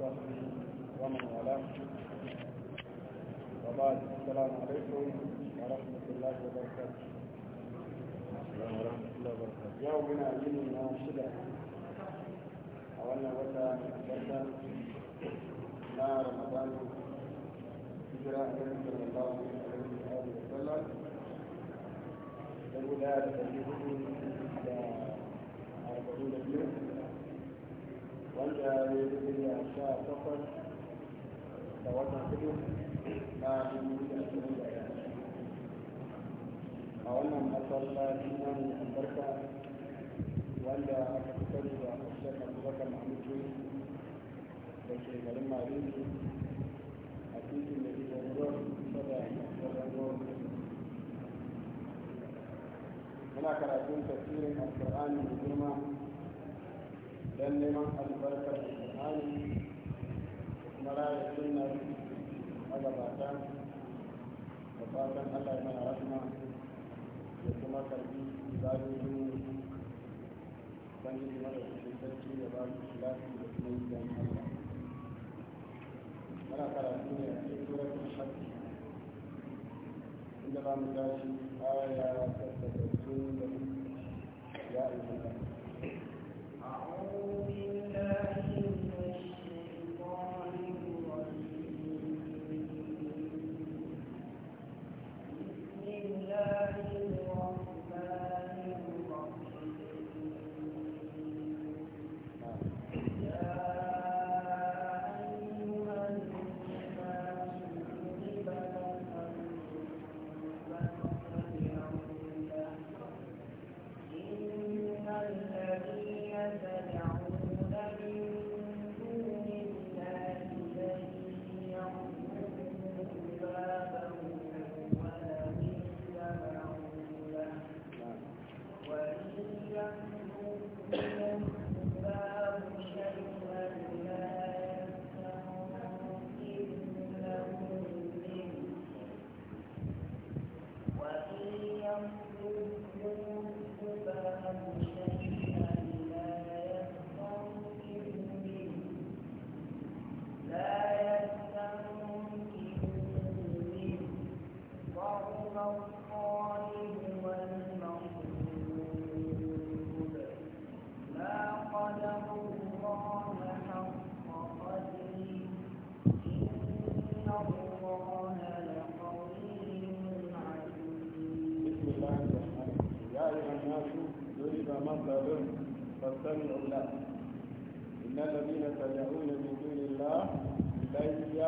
وصحبه ومن والاه وبعد السلام عليكم ورحمة الله وبركاته السلام ورحمة الله وبركاته يومنا من شدة أولنا وتا وتا نار رمضان هجرة النبي صلى الله عليه وسلم لولا تجربه إلى أربعين يوم wanda ya yi duniya sha takwas da watan hudu na dubu da ashirin da ɗaya a wannan masallaci na ne albarka wanda aka fi sani da shek abubakar mahmudu da ke garin marini a titin da ke zangon sada zangon muna karatun tafsirin alkur'ani da girma don neman albarkar da kuma raya sunnar magabata da fatan allah ya mana rahma da kuma karbi ibadojin ubangiji mara cikin da ba su lafi da kuma yi don allah muna karatu ne a cikin suratun inda ba mu tashi aya ta da ya أعوذ بالله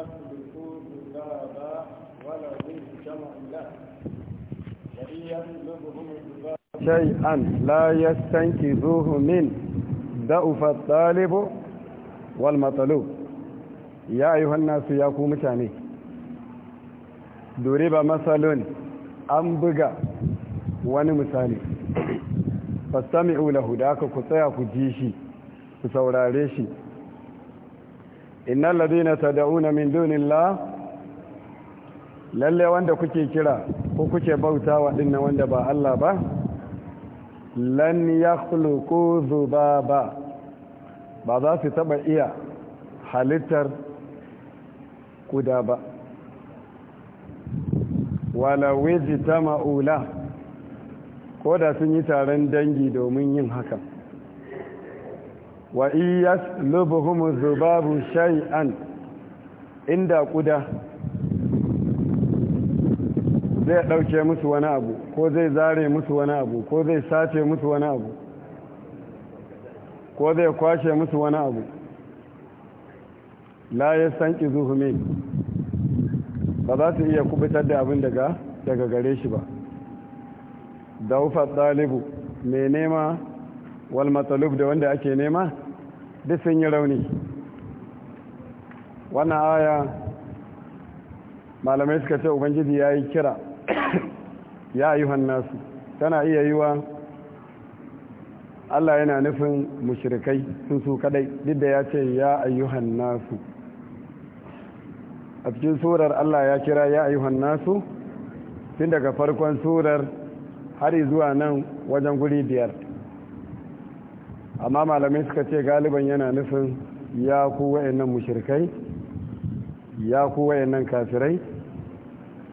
لا ذهبا ولا جمع له وإن يطلبهم الذباب شيئا لا يستنكذوه من ضعف الطالب والمطلوب يا أيها الناس يا قوم تاني دوريبا مثل an buga wani misali fastami'u lahu da aka ku tsaya ku ji shi ku saurare shi Inna ladina tad'una min دون lalle wanda kuke kira ko kuke bauta wa dinnan wanda ba Allah ba lan yakhluqu dhubaba ba za su taba iya halittar kuda ba wala wajtama ula ko da sun yi taron dangi domin yin hakan wa iyas lubuhumu zubabu shay'an inda kuda zai ɗauke musu wani abu ko zai zare musu wani abu ko zai sace musu wani abu ko zai kwashe musu wani abu la ya san zuhumi ba za su iya kubutar da abin daga daga gare shi ba daufa ɗalibu mai nema wal matsalub da wanda ake nema duk sun yi rauni wannan aya malamai suka ce ubangiji ya yi kira ya yi hannasu tana iya yi wa Allah yana nufin mushrikai sun su kadai duk da ya ce ya ayyuhan nasu a cikin surar Allah ya kira ya ayyuhan nasu tun daga farkon surar har zuwa nan wajen guri biyar amma malamai suka ce galiban yana nufin ya ku wayannan mushirkai ya ku wayannan kafirai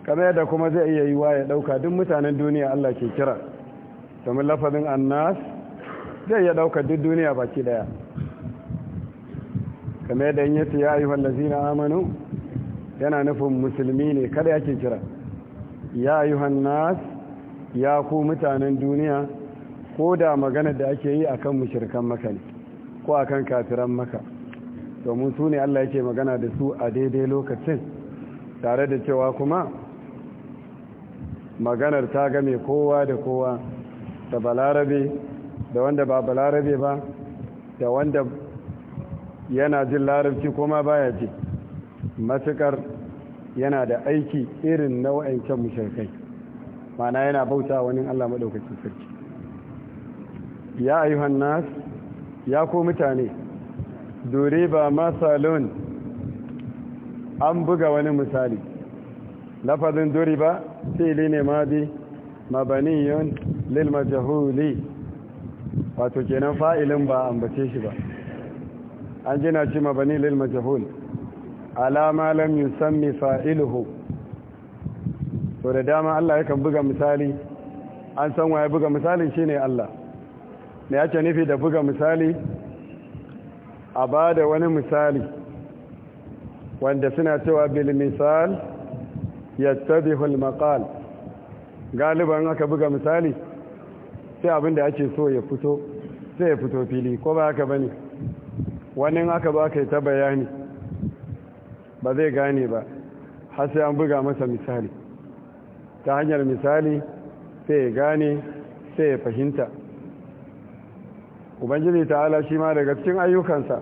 kamar yadda kuma zai iya yiwa ya dauka duk mutanen duniya Allah ke kira kamar lafazin annas zai iya dauka duk duniya baki daya kamar yadda in yace ya ayyuhal ladzina amanu yana nufin musulmi ne kada yake kira ya ayyuhan nas ya ku mutanen duniya ko da maganar da ake yi akan mushirkan maka ne ko akan kafiran maka domin su ne Allah yake magana da su a daidai lokacin tare da cewa kuma maganar ta game kowa da kowa da balarabe da wanda ba balarabe ba da wanda yana jin larabci kuma baya ji matukar yana da aiki irin nau'ancin mushirkai mana yana bauta wani Allah maɗaukacin sarki ya ayyuhan nas ya ko mutane dore ba salon an buga wani misali lafazin dore ba fili ne ma bi mabaniyon lil majahuli wato kenan fa'ilin ba bace shi ba an jina ci mabani lil majahul alama lam yusammi fa'iluhu to da dama Allah yakan buga misali an san waye buga misalin shine Allah me ce nufi da buga misali a ba da wani misali wanda suna cewa bil misal yattabihul maqal galiban aka buga misali sai abin da ake so ya fito sai ya fito fili ko ba haka bane wani aka ba ka ta bayani ba zai gane ba har sai an buga masa misali ta hanyar misali sai ya gane sai ya fahimta ubangiji ta'ala shi ma daga cikin ayyukansa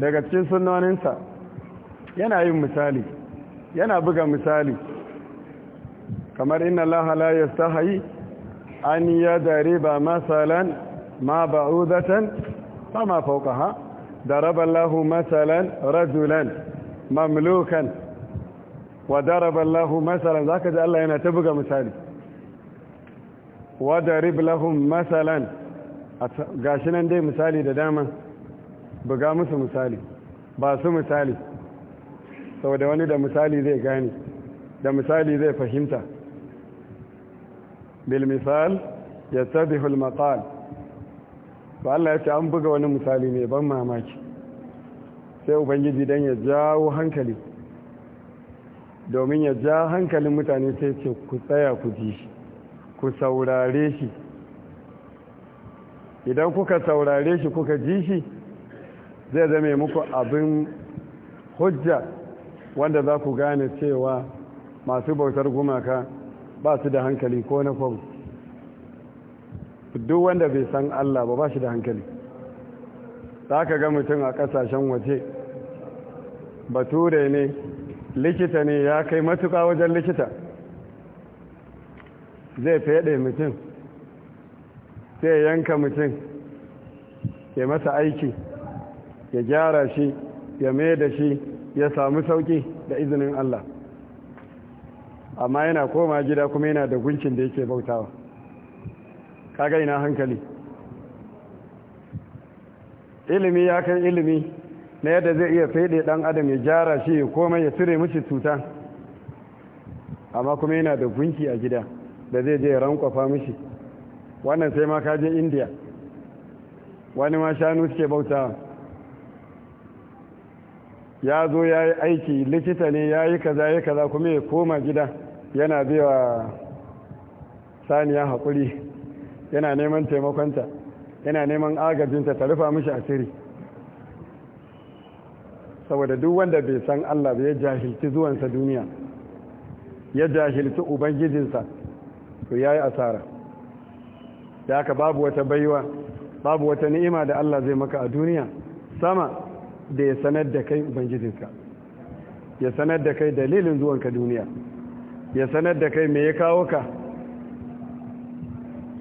daga cikin sunaninsa yana yin misali yana buga misali kamar inna allaha la yastahi an ba masalan ma ba'udatan fama fawqaha daraba allahu masalan rajulan mamlukan wa daraba allahu masalan zaka ji Allah yana ta buga misali wa darib lahum masalan gashi nan dai misali da dama buga musu misali ba su misali sau da wani da misali zai gane da misali zai fahimta bil misal ya tabihul matal ba Allah ya ce an buga wani misali mai ban mamaki sai ubangiji don ya jawo hankali domin ya ja hankalin mutane sai ce ku tsaya ku ji shi ku saurare shi idan kuka saurare shi kuka ji shi zai zame muku abin hujja wanda za ku gane cewa masu bautar gumaka ba su da hankali ko na kwam duk wanda bai san Allah ba ba shi da hankali za ka ga mutum a kasashen waje bature ne likita ne ya kai matuka wajen likita zai fede mutum sai yanka mutum ya masa aiki ya gyara shi ya mai da shi ya samu sauki da izinin Allah amma yana koma gida kuma yana da guncin da yake bautawa kaga ina hankali ilimi ya kai ilimi na yadda zai iya faiɗe ɗan adam ya gyara shi ya komai ya cire mishi cuta amma kuma yana da gunki a gida da zai je ya rankwafa mishi wannan sai ma ka je indiya wani ma shanu suke bauta ya zo ya yi aiki likita ne ya yi kaza ya kaza kuma ya koma gida yana biya saniya haƙuri yana neman taimakonta yana neman agajinta ta rufa mishi asiri saboda duk wanda bai san Allah ya jahilci zuwansa duniya ya jahilci ubangijinsa to ya yi asara da aka babu wata baiwa babu wata ni'ima da Allah zai maka a duniya sama da ya sanar da kai ubangijinka ya sanar da kai dalilin zuwanka duniya ya sanar da kai me ya kawo ka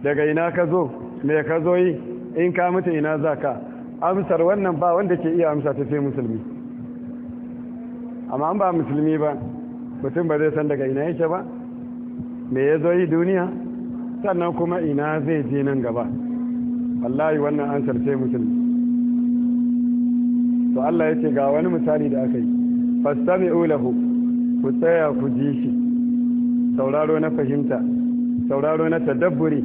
daga ina ka zo me ka zo yi in ka mutu ina za ka amsar wannan ba wanda ke iya amsa ta sai musulmi amma an ba musulmi ba mutum ba zai san daga ina yake ba me ya zo yi duniya sannan kuma ina zai je nan gaba wallahi wannan an sai mutum to Allah ya ce ga wani misali da aka yi fastami ulahu ku tsaya ku ji shi sauraro na fahimta sauraro na tadabburi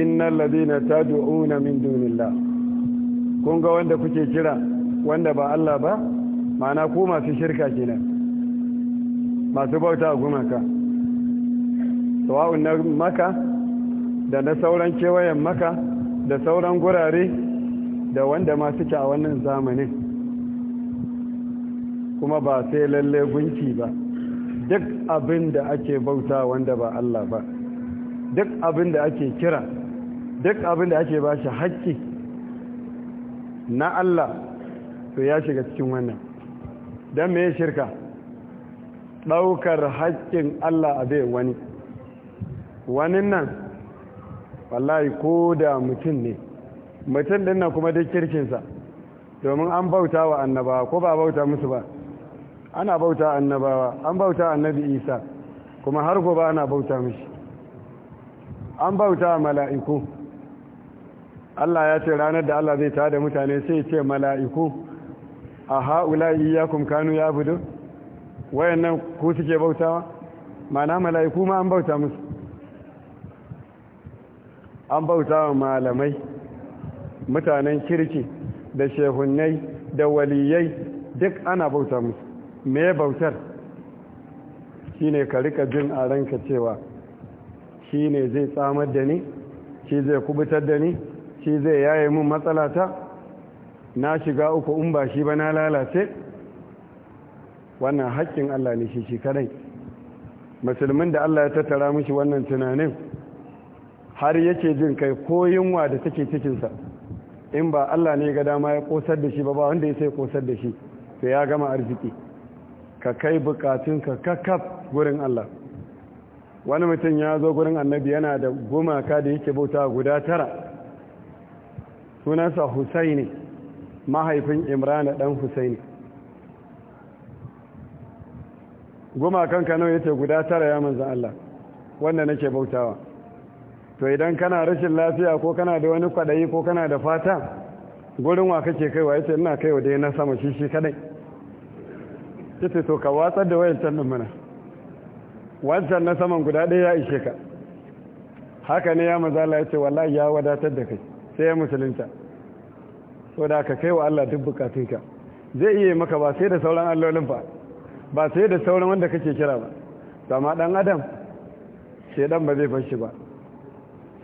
innal ladina tad'una min dunillah kun ga wanda kuke kira wanda ba Allah ba ma'ana ku masu shirka kenan masu bauta gumaka sawa'un na maka da na sauran kewayen maka da sauran gurare da wanda ma suke a wannan zamanin kuma ba sai lalle gunki ba duk abin da ake bauta wanda ba Allah ba duk abin da ake kira duk abin da ake ba shi haƙƙi na Allah to ya shiga cikin wannan don me shirka ɗaukar haƙƙin Allah a bai wani wani nan wallahi ko da mutum ne mutum din nan kuma duk kirkinsa domin an bauta wa annabawa ko ba bauta musu ba ana bauta annabawa an bauta annabi isa kuma har gobe ana bauta mishi an bauta mala'iku Allah ya ce ranar da Allah zai tada mutane sai ce mala'iku a ha'ula iyakun kanu ya budu wayannan ku suke bautawa mana mala'iku ma an bauta musu an bauta wa malamai mutanen kirki da shehunai da waliyai duk ana bauta musu me bautar Shi ne ka rika jin a ranka cewa Shi ne zai tsamar da ni shi zai kubutar da ni shi zai yaye mun matsalata na shiga uku in ba shi ba na lalace wannan haƙƙin Allah ne shi shi kadai musulmin da Allah ya tattara mishi wannan tunanin har yake jin kai ko yunwa da take cikinsa in ba Allah ne ga dama ya kosar da shi ba ba wanda ya sai kosar da shi to ya gama arziki ka kai bukatunka kakaf gurin Allah wani mutum ya zo gurin annabi yana da gumaka da yake bauta guda tara sunansa husaini mahaifin imrana dan husaini gumakan kanau yace guda tara ya manzan Allah wanda nake bautawa to idan kana rashin lafiya ko kana da wani kwaɗayi ko kana da fata gurin wa kake kaiwa yace ina kaiwa dai na sama shi shi kadai yace to ka watsar da wayar tannin mana wancan na saman guda ɗaya ya ishe ka haka ne ya mazala yace wallahi ya wadatar da kai sai ya musulunta so da ka kaiwa Allah duk bukatunka zai iya maka ba sai da sauran allolin ba ba sai da sauran wanda kake kira ba amma dan adam shedan ba zai fashi ba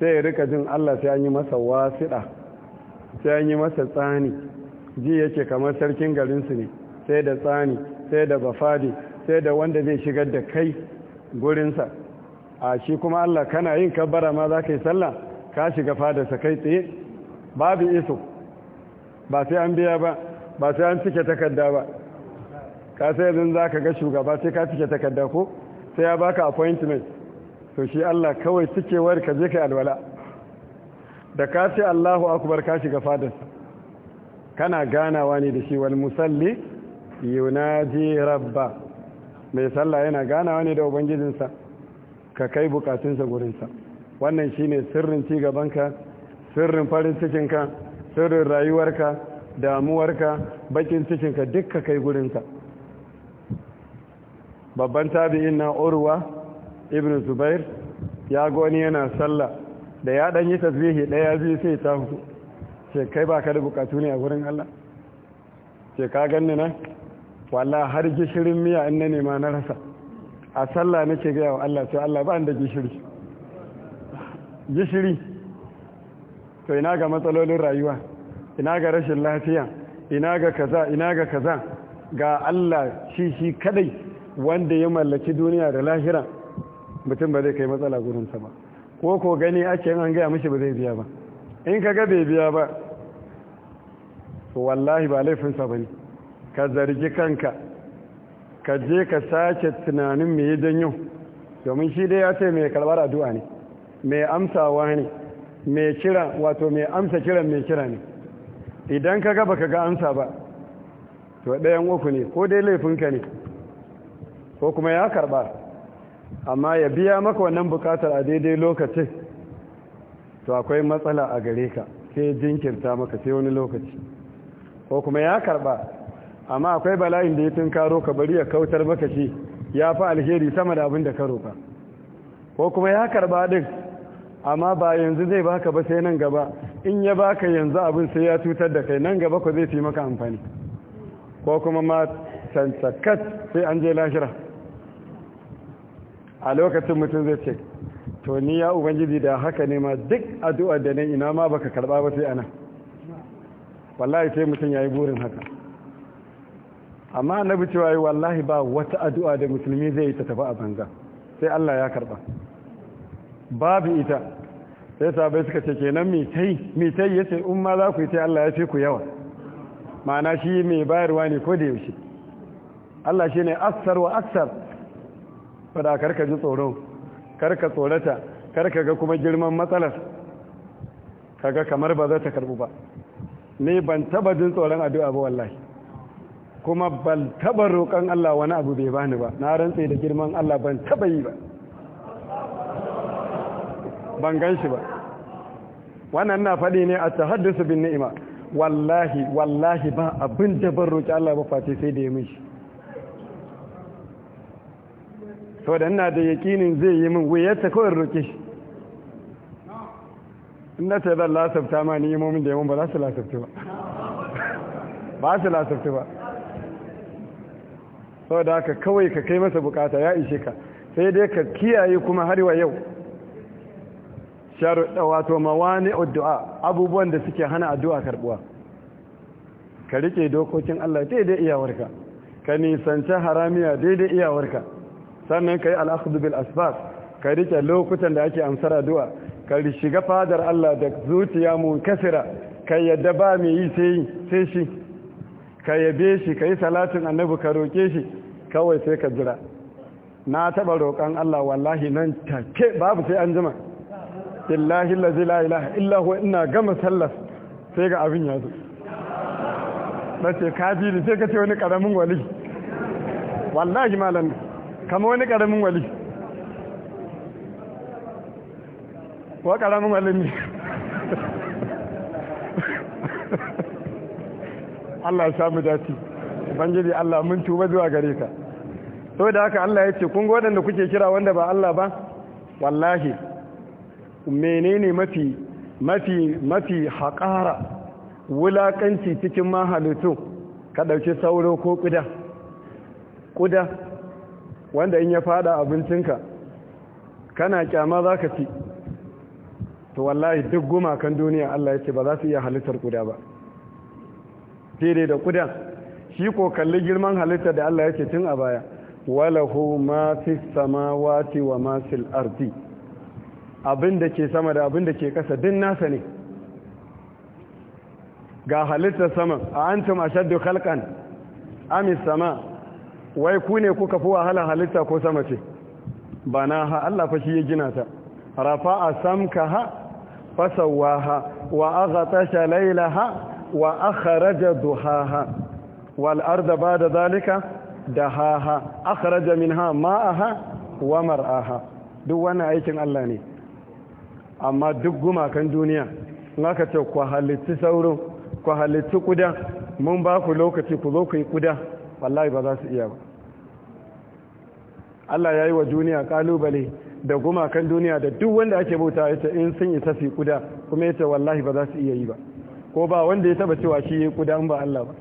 sai ya rika jin Allah sai an yi masa wasiɗa sai an yi masa tsani ji yake kamar sarkin garinsu ne sai da tsani sai da bafadi sai da wanda zai shigar da kai gurinsa a shi kuma Allah kana yin kabbara ma za ka yi sallah ka shiga fadarsa kai tsaye babu iso ba sai an biya ba ba sai an cike takarda ba ka sai yanzu za ka ga shugaba sai ka cike takarda ko sai ya baka appointment to shi Allah kawai suke wayar ka je kai alwala da ka ce Allahu akbar ka shiga fadarsa kana ganawa ne da shi wal musalli yunaji rabba mai sallah yana ganawa ne da ubangijinsa ka kai bukatunsa gurinsa wannan shine sirrin ci gabanka sirrin farin cikinka sirrin rayuwarka damuwarka bakin cikinka duk ka kai gurinsa babban tabi'in na urwa ibn zubair ya goni yana sallah da ya danyi tasbihi ɗaya biyu sai ta hutu ce kai ba ka da bukatu ne a wurin Allah ce ka ganni nan walla har gishirin miya in na nema na rasa a sallah nake gaya wa Allah sai Allah ba da gishiri gishiri to ina ga matsalolin rayuwa ina ga rashin lafiya ina ga kaza ina ga kaza ga Allah shi shi kadai wanda ya mallaki duniya da lahira mutum ba zai kai matsala gurinsa ba ko ko gani ake an gaya mishi ba zai biya ba in ka ga bai biya ba to wallahi ba laifinsa ba ne ka zargi kanka ka je ka sake tunanin me ya janyo domin shi dai ya ce mai karɓar addu'a ne mai amsawa ne mai kira wato mai amsa kiran mai kira ne idan ka ga baka ga amsa ba to ɗayan uku ne ko dai laifinka ne ko kuma ya karɓa amma ya biya maka wannan bukatar a daidai lokacin to akwai matsala a gare ka sai jinkirta maka sai wani lokaci ko kuma ya karba amma akwai bala'in da ya karo ka bari ya kautar maka shi ya fi alheri sama da abin da ka roƙa ko kuma ya karba din amma ba yanzu zai baka ba sai nan gaba in ya baka yanzu abin sai ya cutar da kai nan gaba ko zai fi maka amfani ko kuma ma tantakat sai an je lahira a lokacin mutum zai ce to ni ya ubangiji da haka ne ma duk addu'a da nan ina ma baka karba ba sai ana wallahi sai mutum yayi burin haka amma annabi cewa yi wallahi ba wata addu'a da musulmi zai yi ta tafi a banza sai Allah ya karba babu ita sai sabai suka ce kenan me tai yace in ma za ku yi sai Allah ya fi ku yawa ma'ana shi mai bayarwa ne ko da yaushe Allah shine aksar wa aksar fada karka ji tsoro karka tsorata karka ga kuma girman matsalar kaga kamar ba za ta karbu ba ne ban taba jin tsoron addu'a ba wallahi kuma ban taba roƙon Allah wani abu bai bani ba na rantse da girman Allah ban taba yi ba ban ganshi ba wannan na faɗi ne a tahaddusu bin ni'ima wallahi wallahi ba abin da ban roƙi Allah ba face sai da ya mishi da ina da yakinin zai yi min wuyarta kawai roƙe shi in na ce zan lasafta ma ni imomin da yamon ba za su lasafta ba ba su lasafta ba da haka kawai ka kai masa bukata ya ishe ka sai dai ka kiyaye kuma har wa yau sharuɗa wato mawani addu'a abubuwan da suke hana addu'a karbuwa ka rike dokokin Allah daidai iyawarka ka nisanci haramiya daidai iyawarka sannan kai al'akhdhu bil asbab ka rike lokutan da ake amsar addu'a ka shiga fadar Allah da zuciya mu kasira ka yadda ba mai yi sai shi ka yabe shi ka yi salatin annabi ka roƙe shi kawai sai ka jira na taɓa roƙon Allah wallahi nan take babu sai an jima illahi la ilaha gama sallas sai ga abin ya zo na sai ka ce wani ƙaramin wali wallahi malam kama wani ƙaramin wali wa ƙaramin wali ne Allah ya samu dace ubangiji Allah mun tuba zuwa gare ka to da haka Allah ya ce kun ga waɗanda kuke kira wanda ba Allah ba wallahi menene mafi mafi mafi haƙara wulaƙanci cikin mahalitu ka ɗauki sauro ko ƙuda ƙuda wanda in ya fada abincinka kana kyama za ka ci to wallahi duk gumakan duniya Allah ya ce ba za su iya halittar kuda ba daidai da kudan shi ko kalli girman halittar da Allah ya ce tun a baya walahu ma fi samawati wa ma fil ardi abin da ke sama da abin da ke kasa din nasa ne ga halittar sama a antum ashaddu khalqan amis sama wai ku ne kuka fi wahala halitta ko sama ce ba na ha Allah Fashi ya gina ta rafa'a fasawa ha. wa laila ha. wa ha. duhaha wal arda da zalika Da ha? dahaha akhraja minha ma'aha wa mar'aha duk wannan aikin Allah ne amma duk gumakan duniya na ka ce ku halitti sauro ku halitti kuda mun ba ku lokaci ku zo ku yi kuda wallahi ba za su iya ba Allah ya yi wa duniya kalubale da gumakan duniya da duk wanda ake bauta ya ce in sun yi tafi kuda kuma ya ce wallahi ba za su iya yi ba ko ba wanda ya taba cewa shi kuda ba Allah ba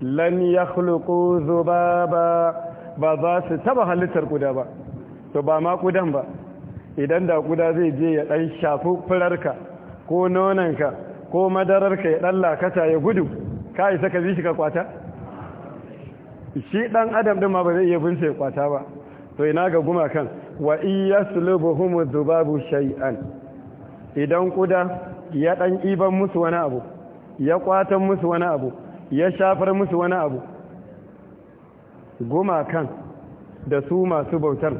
lan ya zubaba ba za su taba halittar kuda ba to ba ma kudan ba idan da kuda zai je ya dan shafi furarka ko nonanka ko madararka ya dalla kata ya gudu ka isa ka bi shi ka kwata shi ɗan adam ɗin ma ba zai iya bunce kwata ba to ina ga gumakan wa iyaslubuhum dhubabu shay'an idan kuda ya dan iban musu wani abu ya kwatan musu wani abu ya shafar musu wani abu guma kan da su masu bautar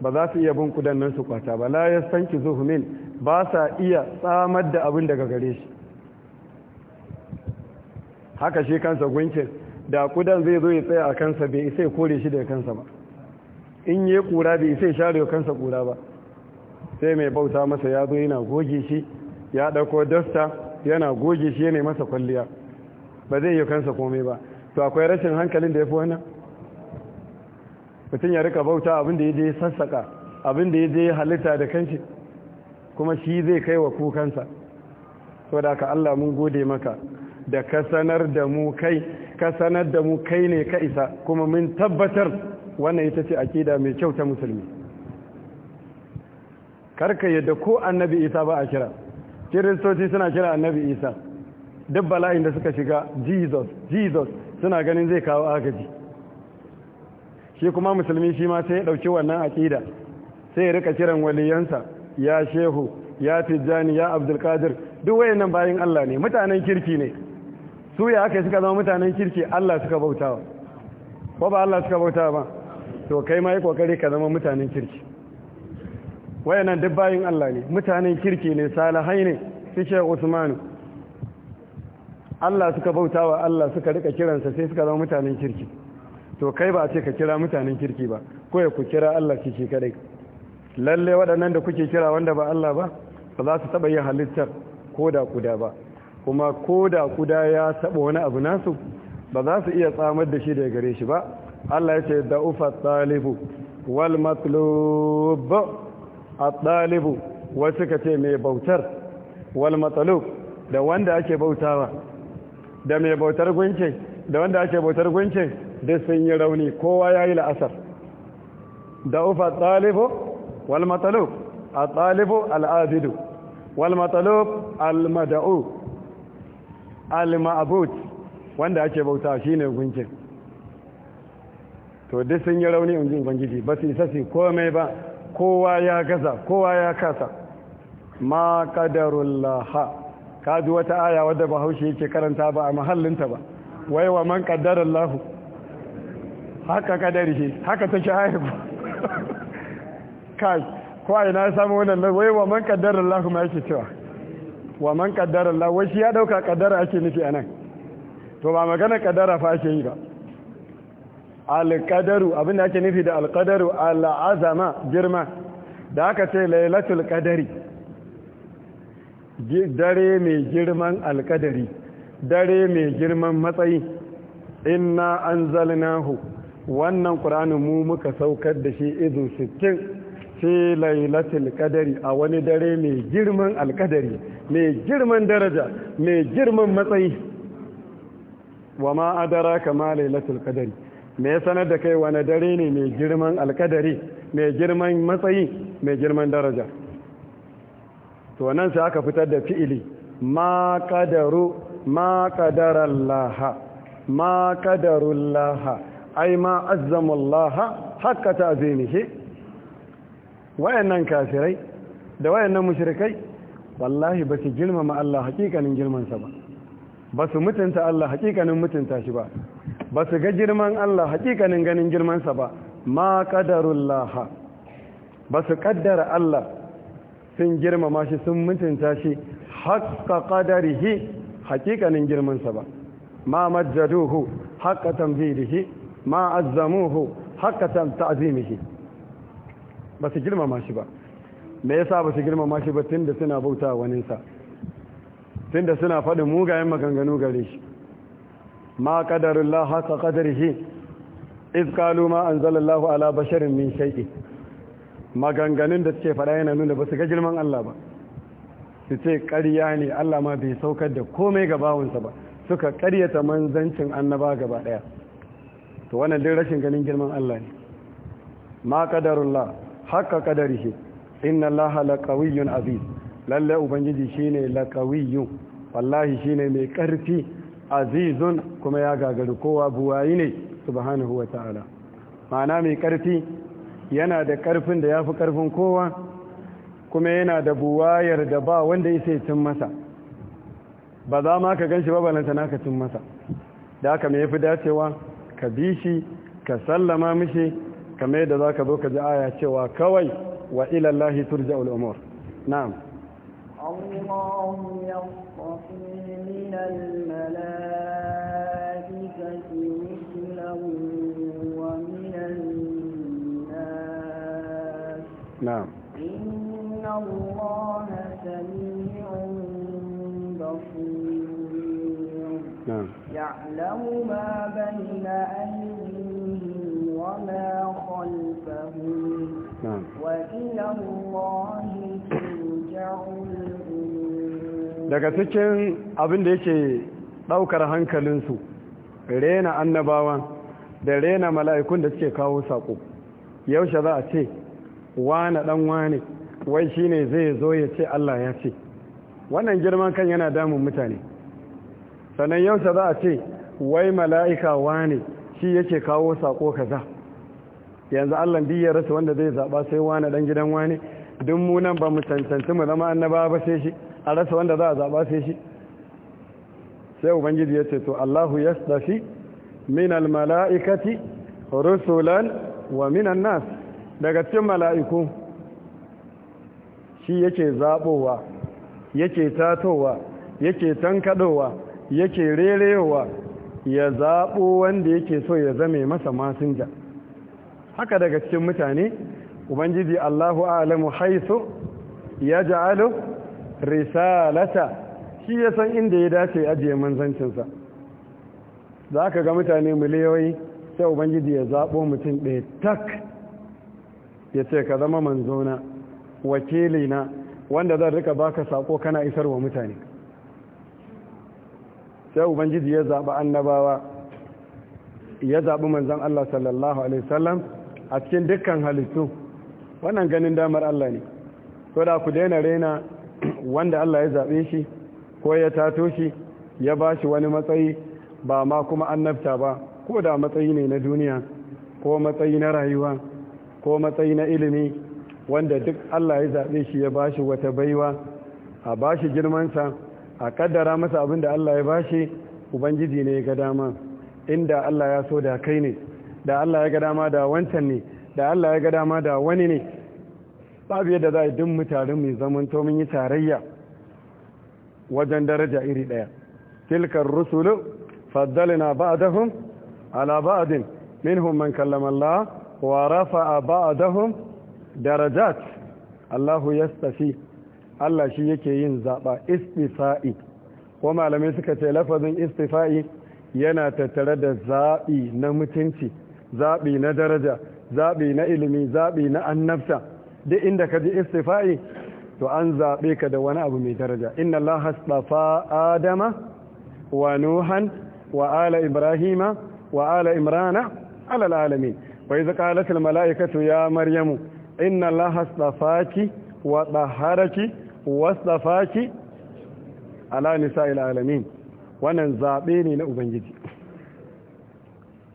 ba za su iya bin kudan nan su kwata ba la yastanki zuhumin ba sa iya tsamar da abin daga gare shi haka shi kansa gunkin da kudan zai zo ya tsaya a kansa bai isa ya kore shi da kansa ba in yi kura bai isa ya share kansa kura ba sai mai bauta masa ya zo yana goge shi ya dauko dasta yana goge shi yana masa kwalliya ba zai yi kansa komai ba to akwai rashin hankalin da ya fi wannan mutum ya rika bauta abinda ya je sassaka abinda ya je halitta da kanshi kuma shi zai kai wa kukansa saboda ka Allah mun gode maka da ka sanar da mu kai ka sanar da mu kai ne ka isa kuma mun tabbatar wannan ita ce akida mai kyau ta musulmi karka yadda ko annabi isa ba a kira kiristoci suna kira annabi isa duk bala'in da suka shiga jesus jesus suna ganin zai kawo agaji shi kuma musulmi shi ma sai ya ɗauki wannan akida sai ya rika kiran waliyansa ya shehu ya tijjani ya abdulkadir duk wayannan bayan allah ne mutanen kirki ne su ya aka suka zama mutanen kirki Allah suka bautawa ko ba Allah suka bautawa ba to kai ma yi kokari ka zama mutanen kirki wayannan duk bayin Allah ne mutanen kirki ne salihai ne su ce Usman Allah suka bautawa Allah suka rika kiransa sai suka zama mutanen kirki to kai ba a ce ka kira mutanen kirki ba ko ya ku kira Allah kici kadai lalle waɗannan da kuke kira wanda ba Allah ba ba za su taɓa yin halittar ko da kuda ba kuma ko da kuda ya taɓa wani abu nasu ba za su iya tsamar da shi daga gare shi ba Allah ya ce da ufa talibu wal matlub a talibu wasu ka ce mai bautar wal matlub da wanda ake bautawa da mai bautar gunce da wanda ake bautar gunce duk sun yi rauni kowa ya yi la'asar da ufa talibu wal matlub a talibu al'abidu wal matlub al mada'u al-ma'bud wanda ake bauta shine gunkin to duk sun yi rauni in ji ubangiji ba su isa su komai ba kowa ya gaza kowa ya kasa ma qadarullah ka ji wata aya wadda bahaushe yake karanta ba a mahallinta ba wai wa man qaddarallahu haka kadari shi haka take ba kai ko ina samu wannan wai wa man qaddarallahu ma yake cewa wa man kaddara Allah wai shi ya dauka kaddara ake nufi anan to ba magana kaddara fa ake yi ba alqadaru abinda ake nufi da al-azama girma da aka ce lailatul qadari dare mai girman alqadari dare mai girman matsayi inna anzalnahu wannan qur'anin mu muka saukar da shi izu 60 fi lailatul qadari a wani dare mai girman alqadari mai girman daraja mai girman matsayi wa ma adara kama lailatul qadari me ya sanar da kai wani dare ne mai girman alkadari mai girman matsayi mai girman daraja to nan sai aka fitar da fi'ili ma qadaru ma qadarallaha ma qadarullaha ai ma azzamullaha haqqa ta'zimihi wayannan kafirai da wayannan mushrikai wallahi ba su girmama Allah hakikanin girmansa ba ba su mutunta Allah hakikanin mutunta shi ba ba su ga girman Allah hakikanin ganin girmansa ba ma qadarullah ba su kaddara Allah sun girmama shi sun mutunta shi haqqa qadarihi hakikanin girmansa ba ma majjaduhu haqqa tanzidihi ma azzamuhu haqqa ta'zimihi ba su girmama shi ba me yasa ba su girmama shi ba tun da suna bauta waninsa tun da suna faɗi mugayen maganganu gare shi ma ƙadarin la haka shi iskalu ma an zalallahu ala basharin min shaƙi maganganun da suke faɗa yana nuna ba su ga girman Allah ba su ce ƙarya ne Allah ma bai saukar da komai ga bawansa ba suka ƙaryata manzancin annaba gaba ɗaya to wannan duk rashin ganin girman Allah ne ma ƙadarullah haka shi inna allaha laqawiyyun aziz lalle ubangiji shine laqawiyyu wallahi shine mai karfi azizun kuma ya gagari kowa buwayi ne subhanahu ta'ala ma'ana mai karfi yana da ƙarfin da fi ƙarfin kowa kuma yana da buwayar da ba wanda yake cin masa ba za ma ka ganshi ba balanta naka cin masa da haka me yafi dacewa ka bi shi ka sallama mishi kamar yadda za ka zo ka ji aya cewa kawai وإلى الله ترجع الأمور نعم الله يصطفي من الملائكة مثله ومن الناس نعم إن الله سميع بصير نعم يعلم ما بين وما خلفهم وإلى الله ترجع daga cikin abin da yake daukar hankalinsu rena annabawan da rena mala'ikun da suke kawo saƙo yaushe za a ce wane ɗan wane wai shine zai zo ya ce Allah ya ce wannan girman kan yana damun mutane sannan yaushe za a ce wai mala'ika wane shi yake kawo saƙo kaza yanzu Allah duk ya rasa wanda zai zaba sai wani dan gidan wani duk mu nan ba mu cancanci mu zama annaba ba sai shi a rasa wanda za a zaba sai shi sai ubangiji ya ce to Allahu yasdafi min almala'ikati rusulan wa min nas daga cikin mala'iku shi yake zabowa yake tatowa yake tankadowa yake rerewa ya zaɓo wanda yake so ya zame masa masinja haka daga cikin mutane ubangiji Allahu a'lamu ya yaj'alu risalata shi ya san inda ya dace ajiye manzancinsa za ka ga mutane miliyoyi sai ubangiji ya zaɓo mutum ɗaya tak ya ce ka zama manzona na wanda zan rika baka sako kana isarwa mutane sai ubangiji ya zaɓi annabawa ya zaɓi manzan Allah sallallahu alaihi wasallam a cikin dukkan halittu wannan ganin damar Allah ne to da ku daina raina wanda Allah ya zaɓe shi ko ya tato shi ya ba shi wani matsayi ba ma kuma annabta ba ko da matsayi ne na duniya ko matsayi na rayuwa ko matsayi na ilimi wanda duk Allah ya zaɓe shi ya ba shi wata baiwa a ba shi girmansa a ƙaddara masa abin da Allah ya ba shi ubangiji ne ga dama inda Allah ya so da kai ne da Allah ya ga dama da wancan ne da Allah ya ga dama da wani ne babu yadda za a yi duk mutarin mai zaman to mun yi tarayya wajen daraja iri ɗaya tilkar rusulu faddalina ba'dahum ala ba'din minhum man kallama Allah wa rafa'a ba'dahum darajat Allahu yastafi Allah shi yake yin zaba istifa'i ko malamai suka ce lafazin istifa'i yana tattare da zaɓi na mutunci zaɓi na daraja zaɓi na ilimi zaɓi na annabta duk inda ka ji istifa'i to an zaɓe ka da wani abu mai daraja inna Allah hastafa adama wa nuhan wa ala ibrahima wa ala imrana ala alamin wa idza qalat malaikatu ya maryamu inna Allah hastafaki wa tahharaki wastafaki ala nisa'il alamin wannan zaɓe ne na ubangiji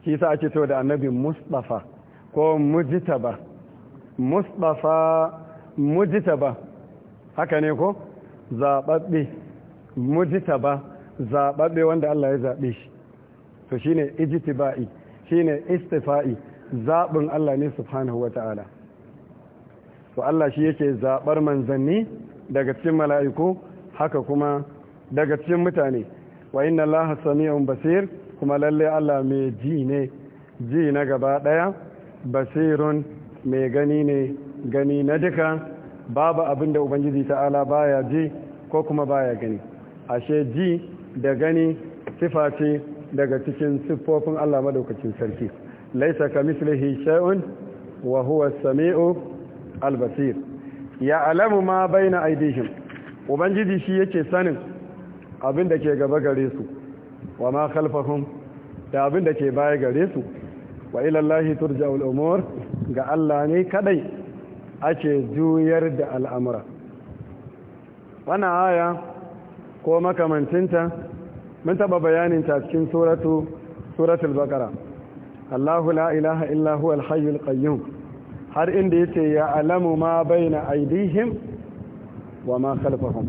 shi sa ake to da annabi mustafa ko mujtaba mustafa mujtaba haka ne ko zababbe mujtaba zababbe wanda Allah ya zabe shi to shine ijtibai shine istifa'i zaɓin Allah ne subhanahu wata'ala to Allah shi yake zabar manzanni daga cikin mala'iku haka kuma daga cikin mutane wa inna Allah sami'un basir kuma lalle Allah mai ji ne ji na gaba ɗaya basirun mai gani ne gani na duka babu abin da ubangiji ta'ala baya ji ko kuma baya gani ashe ji da gani sifa ce daga cikin siffofin Allah madaukakin sarki laisa mislihi shay'un wa huwa as-sami'u al-basir alamu ma baina aidihim ubangiji shi yake sanin abin da ke gaba gare su wa ma khalfahum da abin da ke baya gare su wa ilallahi turja'ul umur ga Allah ne kadai ake juyar da al'amura wannan aya ko makamancinta mun taba bayanin ta cikin suratu suratul baqara Allahu la ilaha illa huwa al-hayyul qayyum har inda ya ce ya alamu ma bai na wa ma khalfahum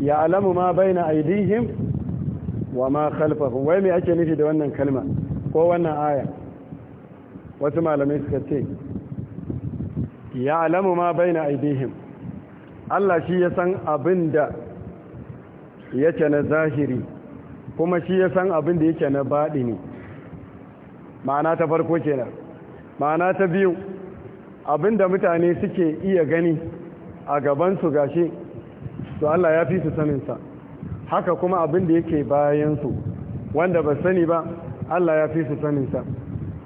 ya alamu ma bai na aidihim wa ma khalfahum wai me ake nufi da wannan kalma ko wannan aya wasu malamai suka ce ya ma baina aidihim Allah shi ya san abin da yake na zahiri kuma shi ya san abin da yake na baɗi ne ma'ana ta farko kenan ma'ana ta biyu abin da mutane suke iya gani a gaban su gashi to Allah ya fi su saninsa haka kuma abin da yake bayansu wanda ba sani ba Allah ya fi su saninsa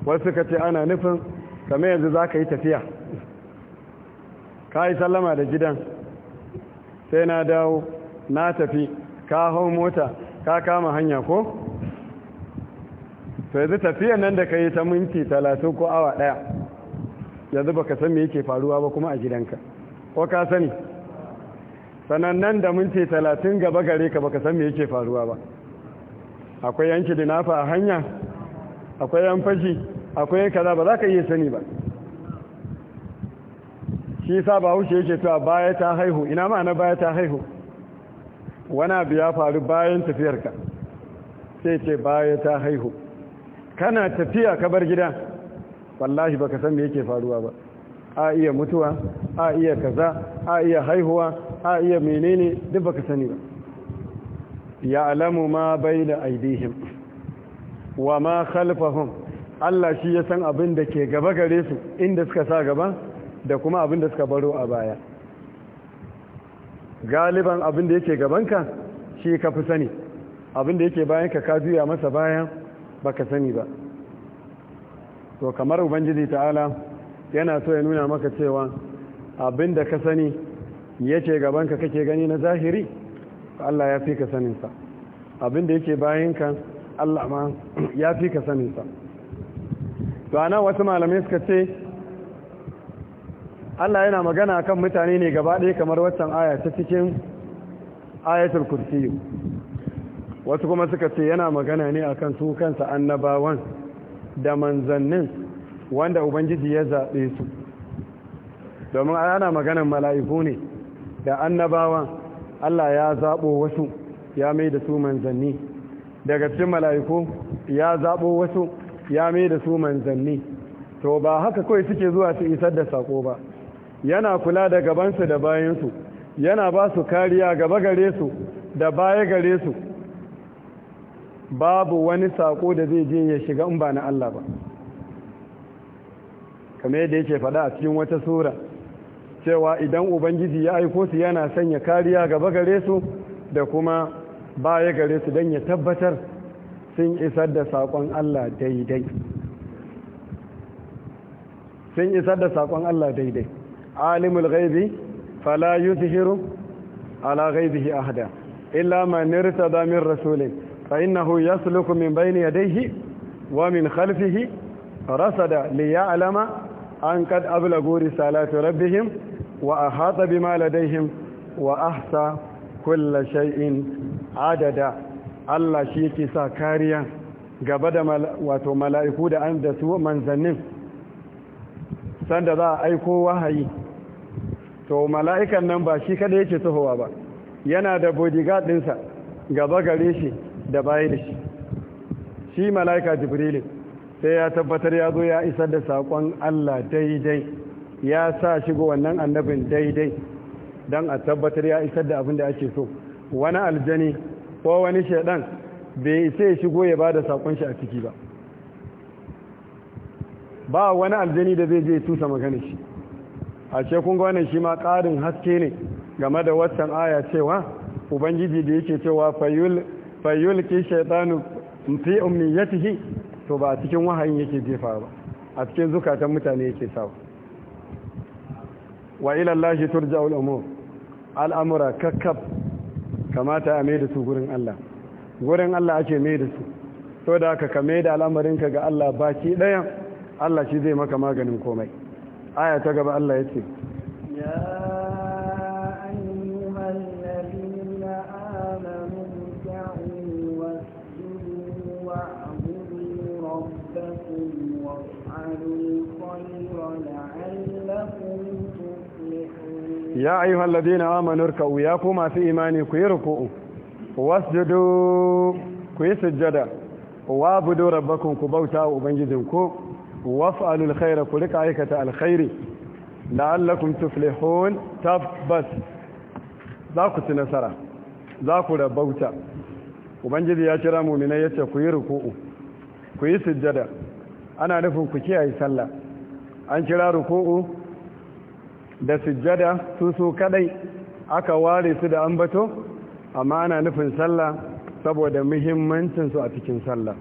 wasu ka ce ana nufin kamar yanzu za ka yi tafiya ka yi sallama da gidan sai na dawo na tafi ka hau mota ka kama hanya ko? to yanzu tafiyan nan da ka yi ta minti talatin ko awa daya yanzu ba ka san me yake faruwa ba kuma a gidanka ko ka sani Sanannen da mun ce talatin gaba gare ka baka san me yake faruwa ba akwai yanki nafa a hanya akwai yan fashi akwai kaza ba za ka iya sani ba shi sa ba haushe yake to baya ta haihu ina na baya ta haihu wani abu ya faru bayan tafiyarka sai ce baya ta haihu kana tafiya ka bar gida wallahi baka san me yake faruwa ba a iya mutuwa a iya kaza a iya haihuwa a iya menene duk baka sani ba ya alamu ma bai da aidihim wa ma khalfahum Allah shi ya san abin da ke gaba gare su inda suka sa gaba da kuma abin da suka baro a baya galiban abin da yake gabanka shi ka fi sani abin da yake bayanka ka juya masa baya baka sani ba to kamar ubangiji ta'ala yana so ya nuna maka cewa abin da ka sani ya yake gabanka kake gani na zahiri Allah ya fi ka saninsa abin da yake ka Allah ma ya fi ka saninsa to ana wasu malamai suka ce Allah yana magana kan mutane ne gaba ɗaya kamar waccan aya ta cikin ayatul kursiyu wasu kuma suka ce yana magana ne akan su kansa annabawan da manzannin wanda ubangiji ya zaɓe su domin ana maganan mala'iku ne da annabawan Allah ya zaɓo wasu ya mai da su manzanni daga cikin mala'iku ya zaɓo wasu ya mai da su manzanni to ba haka kawai suke zuwa su isar da saƙo ba yana kula da gabansu da bayansu yana ba su kariya gaba gare su da baya gare su babu wani saƙo da zai je ya shiga in ba na Allah ba kamar yadda yake faɗa a cikin wata sura cewa idan ubangiji ya aiko su yana sanya kariya gaba gare su da kuma baya gare su don ya tabbatar sun isar da saƙon Allah daidai sun isar da saƙon Allah daidai alimul ghaibi fala yuzhiru ala ghaibihi ahada illa man irtada min rasulin fa innahu yasluku min bayni yadayhi wa min khalfihi rasada liya'lama an kad ablagu risalati rabbihim wa ahata bima ladaihim wa ahsa kulla shay'in adada Allah shi yake sa kariya gaba da wato mala'iku da an da su manzannin sanda za a aiko wahayi to mala'ikan nan ba shi kada yake tsohowa ba yana da bodyguard ɗinsa gaba gare shi da bayan shi shi mala'ika jibrilin sai ya tabbatar ya zo ya isar da saƙon Allah daidai ya sa shigo wannan annabin daidai don a tabbatar ya isar da abin da ake so wani aljani ko wani shaɗan bai sai shigo ya ba da saƙon shi a ciki ba ba wani aljani da zai je tusa magana shi a ce kun gane shi ma ƙarin haske ne game da watan aya cewa ubangiji da yake cewa fayul fayul ki shaytanu fi ummiyatihi to ba a cikin wahayin yake jefa ba a cikin zukatan mutane yake sa wa ila Allah turja umur al'amura kakkab kamata a mai da su gurin Allah gurin Allah ake mai da su to da haka ka mai da al'amarinka ga Allah baki ɗaya Allah shi zai maka maganin komai aya ta gaba Allah ya ce ya ربكم وافعلوا الخير لعلكم تفلحون يا أيها الذين آمنوا اركعوا يا كما في إيماني كي ركوع واسجدوا كي سجدا وابدوا ربكم كبوتا وبنجزمكم وافعلوا الخير كلك عيكة الخير لعلكم تفلحون تبت za ku ci nasara za ku rabauta ubangiji ya ku yi sujjada ana nufin ku kiyaye sallah an kira ruku'u da sujjada su su kadai aka ware su da ambato amma ana nufin sallah saboda muhimmancin su a cikin sallah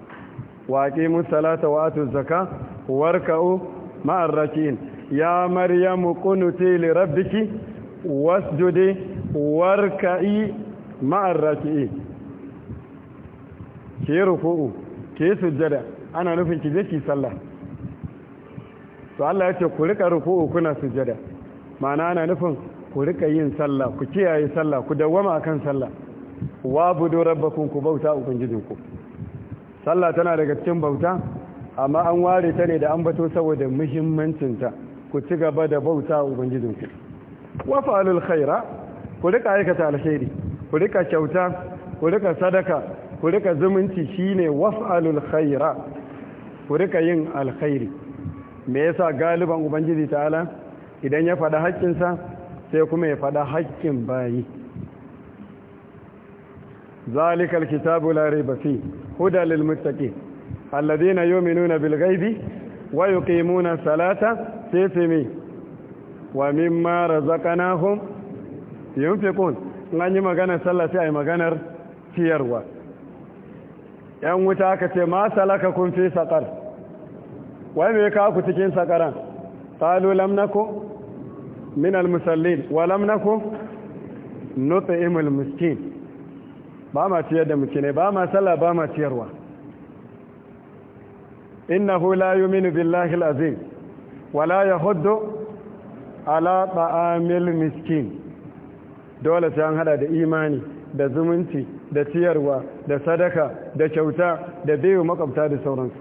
waƙi musalata wa atu zaka warka'u ma'ar raki'in ya maryamu qunuti li rabbiki wasjudi warka'i ma'ar raki'in ke ruku'u ke yi sujjada ana nufin ki je ki sallah to Allah ya ce ku rika ruku'u kuna sujjada ma'ana ana nufin ku rika yin sallah ku kiyaye sallah ku dawwama akan sallah wa budu rabbakum ku bauta ubangijinku sallah tana daga cikin bauta amma an ware ta ne da an bato saboda muhimmancinta ku ci gaba da bauta ubangijinku wa fa'alul khaira ku rika aikata alheri ku rika kyauta ku rika sadaka ku rika zumunci shine was'alul khaira ku rika yin alkhairi me yasa galiban ubangiji ta'ala idan ya faɗa haƙƙinsa sai kuma ya faɗa haƙƙin bayi zalikal kitabu la raiba fi huda lil muttaqin alladhina yu'minuna bil ghaibi wa yuqimuna salata sai sai me wa mimma razaqnahum yunfiqun in an yi magana sallah sai ai maganar ciyarwa yan wuta aka ce ma salaka kun fi saƙar wai mai ka ku cikin saƙaran qalu lam naku min almusallin wa lamnako naku imul miskin ba ma ciyar da miskinai ba ma sallah ba ma ciyarwa innahu la bin billahi alazim wa la hudu ala ba'amil miskin dole sai an hada da imani da zumunci da ciyarwa da sadaka da kyauta da biyu makwabta da sauransu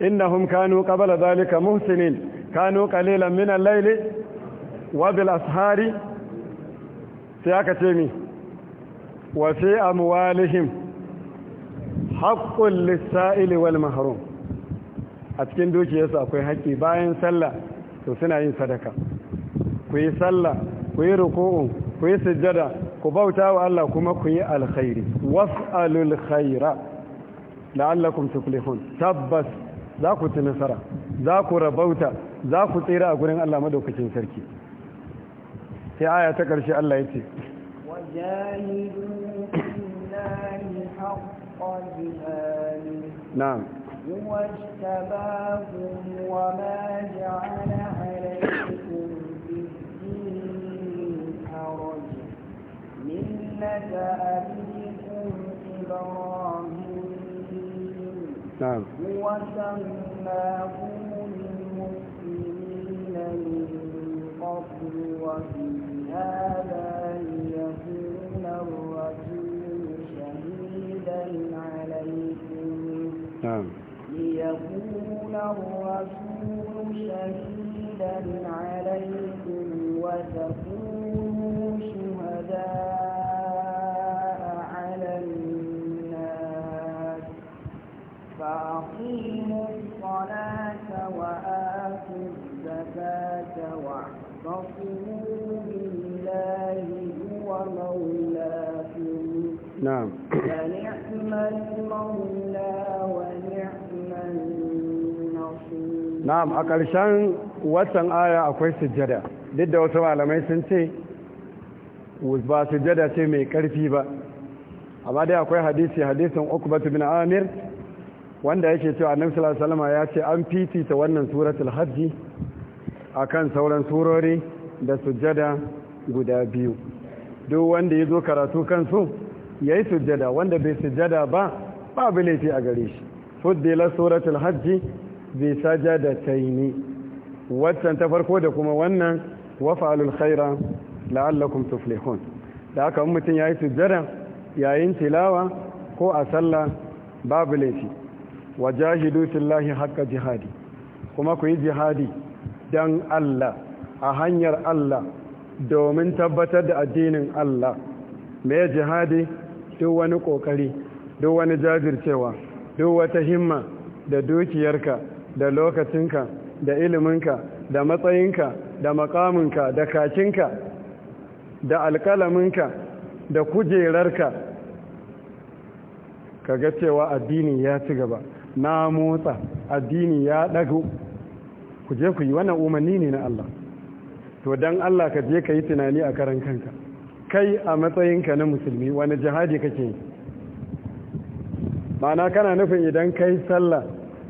innahum kanu qabla zalika muhsinin kanu qalilan min al-layli wa bil ashari sai aka ce mi wa fi amwalihim haqqul lis wal mahrum a cikin dukiyarsu akwai haƙƙi bayan sallah to suna yin sadaka ku yi sallah ku yi ruku'u ku yi sujjada ku bauta wa Allah kuma ku yi alkhairi was'alul khaira la'allakum tuflihun tabbas za ku ci nasara za ku rabauta za ku tsira a gurin Allah madaukakin sarki sai aya ta ƙarshe Allah ya ce نعم هو اجتباكم وما جعله ملة أبيكم إبراهيم نعم هو سماكم من قبل وفي هذا ليكون الرسول شهيدا عليكم نعم ليكون الرسول شهيدا عليكم وتكونوا شهداء فأقيموا الصلاة وآتوا الزكاة واعتصموا بالله هو مولاكم نعم فنعم المولى ونعم النصير نعم أكرشان watan aya akwai sujjada duk da wasu malamai sun ce ba sujjada ce mai karfi ba amma dai akwai hadisi hadisin ukbatu bin amir wanda yake cewa annabi sallallahu alaihi wasallam ya ce an fiti ta wannan suratul hajji akan sauran surori da sujjada guda biyu duk wanda yazo karatu kan kansu yayi sujjada wanda bai sujjada ba ba laifi a gare shi fuddila suratul hajji bi sajadataini wannan ta farko da kuma wannan fa'alul khaira la'allakum tuflihun da haka mutum yayi sujjada yayin tilawa ko a sallah babu laifi wa jahidu fillahi haqqa jihadi kuma ku yi jihadi dan Allah a hanyar Allah domin tabbatar da addinin Allah mai jihadi duk wani kokari duk wani jajircewa duk wata himma da dukiyarka da lokacinka da iliminka da matsayinka da makaminka da kakinka da alkalaminka da kujerarka ka ga cewa addini ya ci gaba na motsa addini ya ɗago ku je ku yi wannan umarni ne na Allah to don Allah ka je ka yi tunani a karan kanka kai a matsayinka na musulmi wani jihadi kake yi ma'ana kana nufin idan kai sallah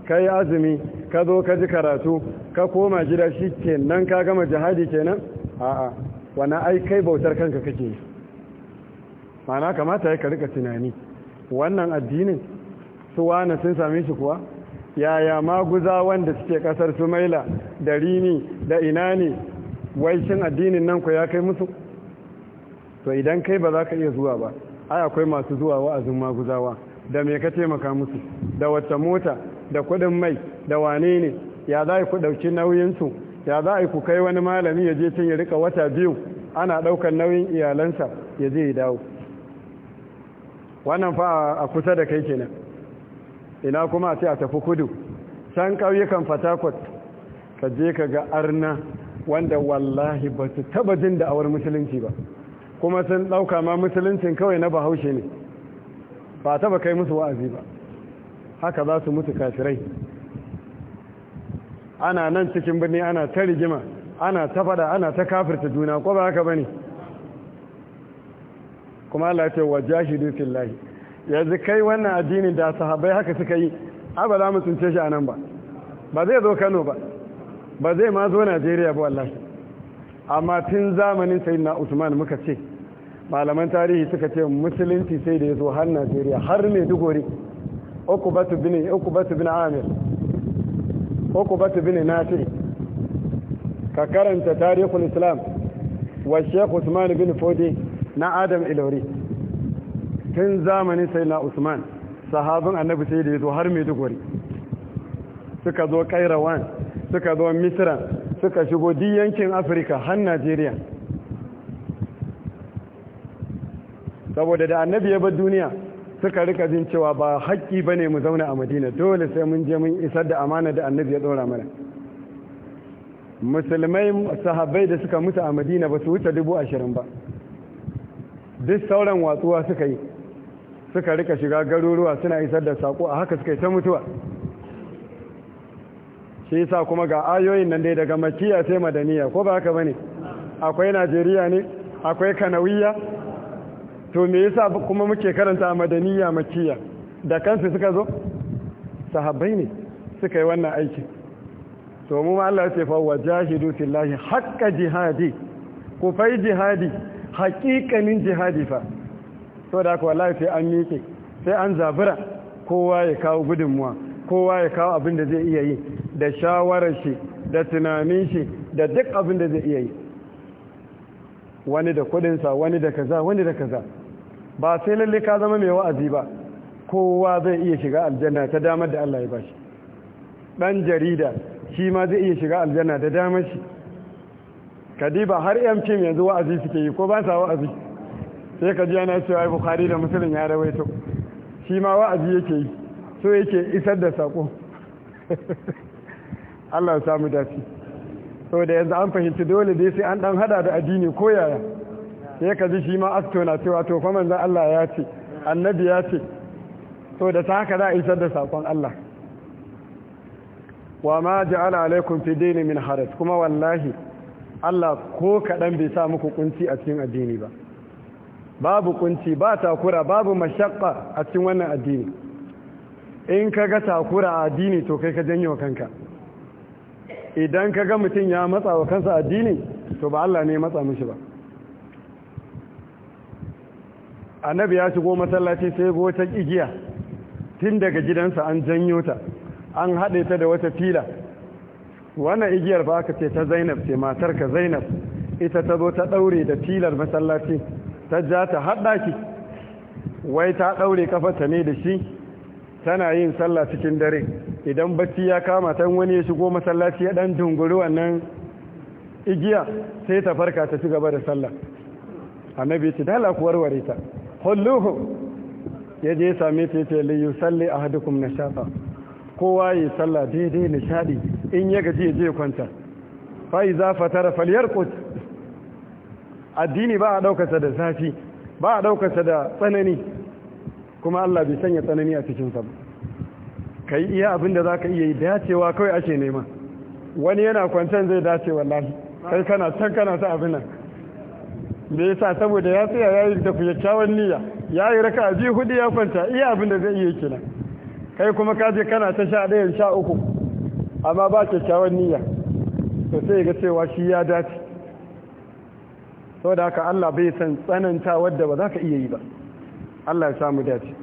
kai azumi ka zo ka ji karatu ka koma gida shi ke nan, ka gama jihadi kenan a'a wani ai kai bautar kanka kake yi ma'ana kamata ya ka rika tunani wannan addinin su wane sun same shi kuwa yaya maguza wanda suke kasar sumaila da rini da ina ne wai shin addinin nan ku ya kai musu to idan kai ba za ka iya zuwa ba ai akwai masu zuwa wa'azin maguzawa da me ka taimaka musu da wacce mota da kuɗin mai da wane ne ya za ku ɗauki nauyinsu ya za ku kai wani malami ya je cin ya rika wata biyu ana ɗaukar nauyin iyalansa ya je ya dawo wannan fa a kusa da kai kenan ina kuma sai a tafi kudu can ƙauyukan fatakot ka je ka ga arna wanda wallahi ba su taba jin da'awar musulunci ba kuma sun ɗauka ma musuluncin kawai na bahaushe ne ba taba kai musu wa'azi ba haka za su mutu kafirai ana nan cikin birni ana ta rigima ana ta fada ana ta kafirta juna ko ba haka ne kuma Allah ya ce wa jahidu fillahi yanzu kai wannan addinin da sahabai haka suka yi ba za mu ce shi a nan ba ba zai zo kano ba ba zai ma zo najeriya ba wallahi amma tun zamanin sai na usman muka ce malaman tarihi suka ce musulunci sai da ya zo har najeriya har maiduguri ukubatu bin ukubatu bin amir ukubatu bin nasir ka karanta tarihin islam wa sheikh usman bin fodi na adam ilori tun zamanin sai na usman sahabin annabi sai da ya zo har maiduguri suka zo kairawan suka zo Misira suka shigo di yankin afirka har najeriya saboda da annabi ya bar duniya suka rika jin cewa ba haƙƙi ba ne mu zauna a madina dole sai mun je mun isar da amana da annabi ya ɗora mana musulmai sahabbai da suka mutu a madina ba su wuce dubu ashirin ba duk sauran watsuwa suka yi suka rika shiga garuruwa suna isar da saƙo a haka suka yi ta mutuwa shi yasa kuma ga ayoyin nan dai daga makiya sai madaniya ko ba haka bane akwai najeriya ne akwai kanawiya to me yasa kuma muke karanta madaniya makiya da kansu suka zo sahabbai ne suka yi wannan aiki to mu Allah ya ce fa wajahidu fillahi haqqa jihadi ku fai jihadi haqiqanin jihadi fa so da haka wallahi sai an miƙe sai an zabura kowa ya kawo gudunmuwa kowa ya kawo abin da zai iya yi da shawarar shi da tunanin shi da duk abin da zai iya yi wani da kudinsa wani da kaza wani da kaza ba sai lalle ka zama mai wa'azi ba kowa zai iya shiga aljanna ta damar da Allah ya bashi dan jarida shi ma zai iya shiga aljanna da damar shi kadiba har yan fim yanzu wa'azi suke yi ko ba sa wa'azi sai ka jiya na cewa ai bukhari da muslim ya rawaito shi ma wa'azi yake yi so yake isar da sako Allah ya samu dafi so da yanzu an fahimci dole dai sai an dan hada da addini ko yaya sai ka ji shi ma asto na cewa to fa manzon Allah ya ce annabi ya ce so da ta haka za a isar da sakon Allah wa ma ja'ala alaikum fi dini min haraj kuma wallahi Allah ko kaɗan bai sa muku kunci a cikin addini ba babu kunci ba takura babu mashakka a cikin wannan addini in ka ga takura a addini to kai ka janyo kanka idan ka ga mutum ya matsa wa kansa addini to ba Allah ne ya matsa mishi ba annabi ya shigo masallaci sai go ta igiya tun daga gidansa an janyo ta an haɗe ta da wata fila wannan igiyar ba aka ce ta zainab ce matar ka zainab ita ta zo ta ɗaure da filar masallaci ta ja ta haɗa ki wai ta ɗaure kafarta ne da shi tana yin sallah cikin dare idan bacci ya kama ta wani ya shigo masallaci ya ɗan dunguri wannan igiya sai ta farka ta ci gaba da sallah annabi ce dala ku warware ta kulluhu ya je same ta yace li yusalli ahadukum nashata kowa yi sallah daidai nishadi in ya gaji ya je kwanta fa iza fatara falyarqut addini ba a daukarsa da zafi ba a daukarsa da tsanani kuma Allah bai sanya tsanani a cikin sa kai iya abin da zaka iya dacewa kawai ake nema wani yana kwantan zai dace wallahi kai kana san kana sa abin nan me yasa saboda ya tsaya yayi da kyakkyawan niyya yayi raka biyu hudu ya kwanta iya abin da zai iya kenan kai kuma ka je kana ta sha ɗayan sha uku amma ba kyakkyawan niyya to sai ga cewa shi ya dace da haka Allah bai san tsananta wadda ba za ka iya yi ba Allah ya samu dace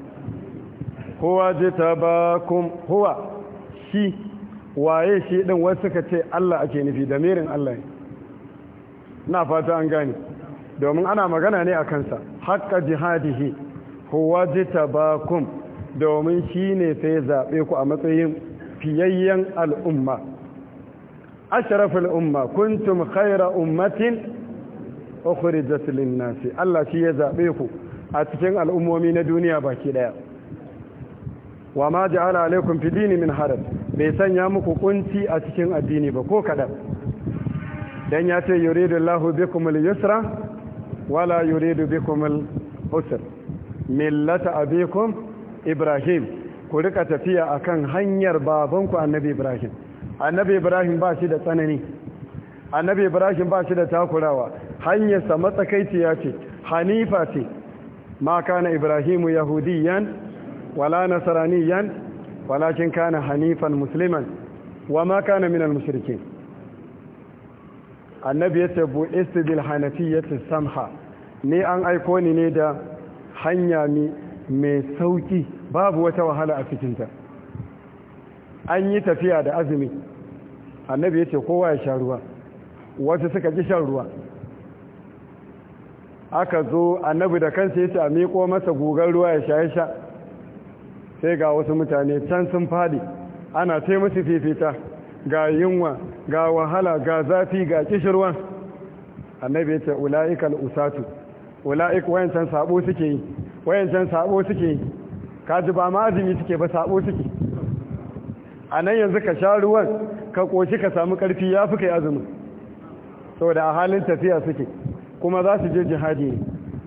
huwa jitabakum huwa shi waye shi din wasu suka ce Allah ake nufi da mirin Allah ne na fata an gane domin ana magana ne a kansa haƙƙa jihadihi huwa jitabakum domin shi ne sai zaɓe ku a matsayin fiyayyen al'umma ashrafil umma kuntum khaira ummatin ukhrijat lin Allah shi ya zabe ku a cikin al'ummomi na duniya baki daya wa ma ja'ala alaikum fi dini min haraj bai sanya muku kunci a cikin addini ba ko kadan dan ya ce yuridu Allahu bikum al-yusra wala yuridu bikum al-usr millata abikum Ibrahim ku rika tafiya akan hanyar babanku annabi Ibrahim annabi Ibrahim ba shi da tsanani annabi Ibrahim ba shi da takurawa hanyarsa matsakaiciya ce hanifa ce ma kana ibrahimu yahudiyan wala nasaraniyan walakin kana hanifan musliman wa ma kana minan mushrikin annabi ya ce bu'istu bil hanafiyyati samha ni an aiko ni ne da hanya mai sauki babu wata wahala a cikinta an yi tafiya da azumi annabi ya ce kowa ya sha ruwa wasu suka ji shan ruwa aka zo annabi da kansa ya ce a miƙo masa gugar ruwa ya sha sha sai ga wasu mutane can sun fadi ana ta musu fifita ga yunwa ga wahala ga zafi ga kishirwa annabi ya ce ula'ikal usatu ula'ik wayancan sabo suke yi wayancan sabo suke yi kaji ba ma azumi suke ba sabo suke a nan yanzu ka sha ruwan ka koshi ka samu karfi ya fi kai azumin saboda a halin tafiya suke kuma za su je jihadi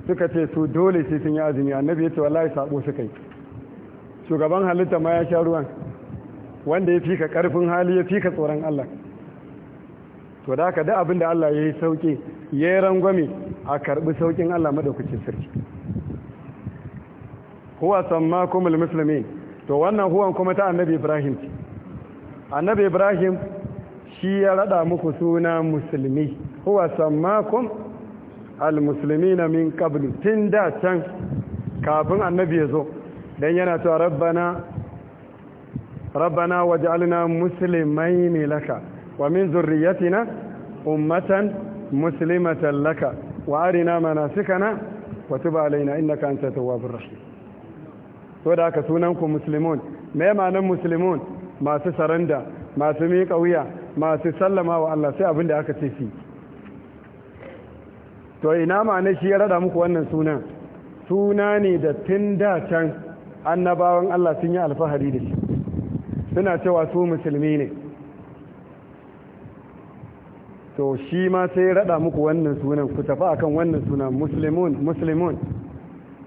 suka ce su dole sai sun yi azumi annabi ya ce wallahi sabo suka yi shugaban halitta ma ya sha ruwan wanda ya fika karfin hali ya fika tsoron Allah to da haka duk abin da Allah ya yi sauki ya yi rangwame a karbi saukin Allah madaukakin sarki huwa kuma musulmi to wannan huwan kuma ta annabi Ibrahim annabi Ibrahim shi ya rada muku suna musulmi huwa kuma na min qablu tun da can kafin annabi ya zo don yana cewa rabbana rabbana waj'alna muslimaini laka wa min zurriyyatina ummatan muslimatan laka wa arina manasikana wa tub alaina innaka antat tawwabur rahim to da haka sunan ku muslimun me ma'anar muslimun masu saranda masu miƙa wuya masu sallama wa Allah sai abin da aka ce shi to ina ma'ana shi ya rada muku wannan sunan suna ne da tun da can annabawan Allah sun yi alfahari da shi suna cewa su musulmi ne to shi ma sai rada muku wannan sunan ku tafi akan wannan sunan muslimun muslimun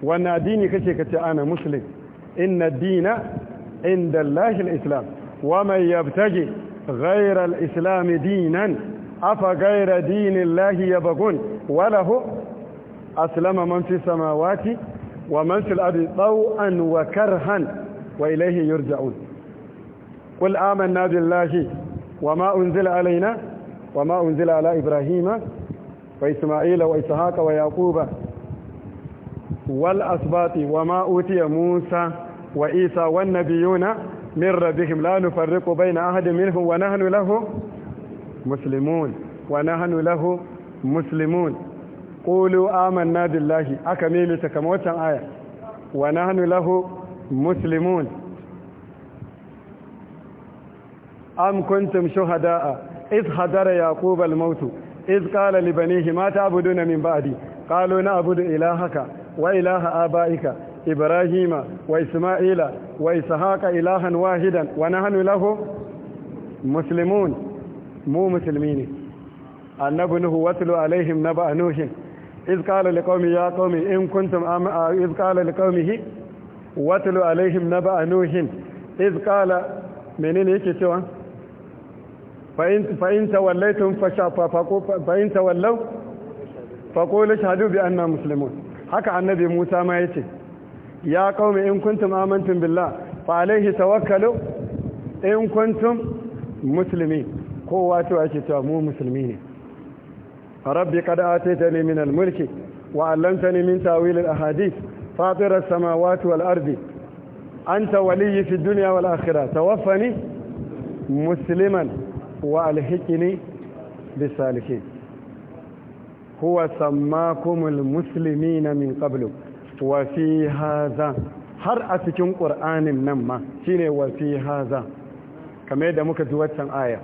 wannan addini kace kace ana muslim inna dina inda Allah islam wa man yabtaji ghayra al-islam dinan أفغير دين الله يبغون وله أسلم من في السماوات ومن في الأرض طوعا وكرها وإليه يرجعون قل آمنا بالله وما أنزل علينا وما أنزل على إبراهيم وإسماعيل وإسحاق ويعقوب والأسباط وما أوتي موسى وإيسى والنبيون من ربهم لا نفرق بين أحد منهم ونحن له Musulmun wa na hannu lahawo musulmun. Kulu Amannadullahi aka milu ta kamotan aya. Wa na hannu lahawo musulmun. Amkuntun shohadda a isha zare Yaqubal mautu. Iska lallu banin himar ta abu don nan ba'addi. Kano ilahaka, wa ilaha a Ibrahima wai Isma'il wai sa ilahan wahidan. Wa na hannu lahawo mu musulmi ne annabi nuhu watlu alaihim naba nuhin iz qala liqaumi ya qaumi in kuntum iz qala liqaumihi watlu alaihim naba nuhin iz qala menene yake cewa fa in fa in tawallaytum fa fa in tawallaw fa qulu shahadu bi anna muslimun haka annabi Musa ma yace ya qaumi in kuntum amantum billah fa alaihi tawakkalu in kuntum muslimin kowa cewa yake cewa mu musulmi ne rabbi qad ta min al-mulki wa 'allamtani min tawilin Ahadis? ahadith samawati wal-ardi anta waliyyi fi duniya wal-akhirah tawaffani musliman wa alhiqni bis-salihin huwa sammakum muslimina min qablu wa fi hadha har a cikin ƙur'anin nan ma shine wa fi haza kamar yadda muka ji waccan aya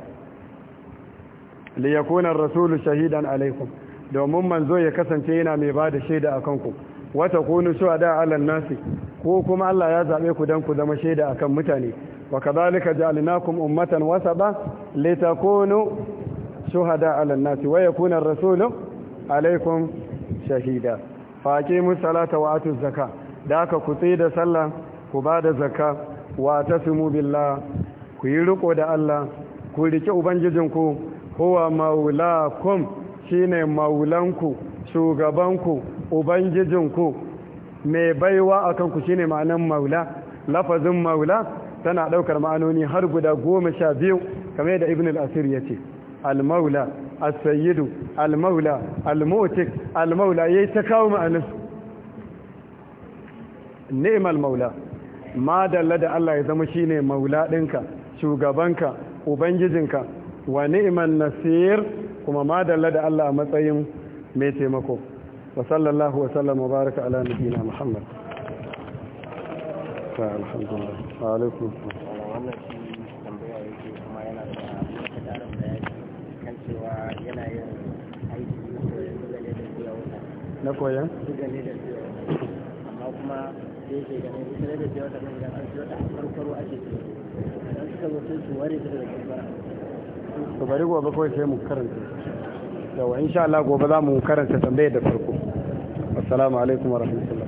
liyakuna rasulu shahidan alaikum domin manzo ya kasance yana mai ba da shaida a kanku wata kunu shuhada ala nasi ko kuma Allah ya zabe ku dan ku zama shaida akan mutane wa kadhalika ja'alnakum ummatan wasaba litakunu shuhada ala nasi wa yakuna rasulu alaikum shahida fa aqimu salata wa atu zakka da aka ku tsaye da sallah ku ba da zakka wa tasimu billah ku yi riko da Allah ku rike ubangijinku huwa maulakum shine maulanku shugabanku ubangijinku mai baiwa a kanku shine ma'anan maula lafazin maula tana ɗaukar ma'anoni har guda goma sha biyu kamar yadda ibn al-asir ya ce al-maula as-sayyidu al-maula al-mutik al-maula yayi ta kawo su ni'mal maula ma dalla da Allah ya zama shine maula ɗinka shugabanka ubangijinka wa ni'man nasir kuma madalla da Allah a matsayin mai taimako wa sallallahu wa sallam baraka ala nabiyina muhammad ta alhamdulillah wa alaikum na amma kuma da ganin da ake to bari gobe kawai sai mu karanta yawa insha Allah gobe za mu karanta tambayar da farko assalamu alaikum wa rahmatullahi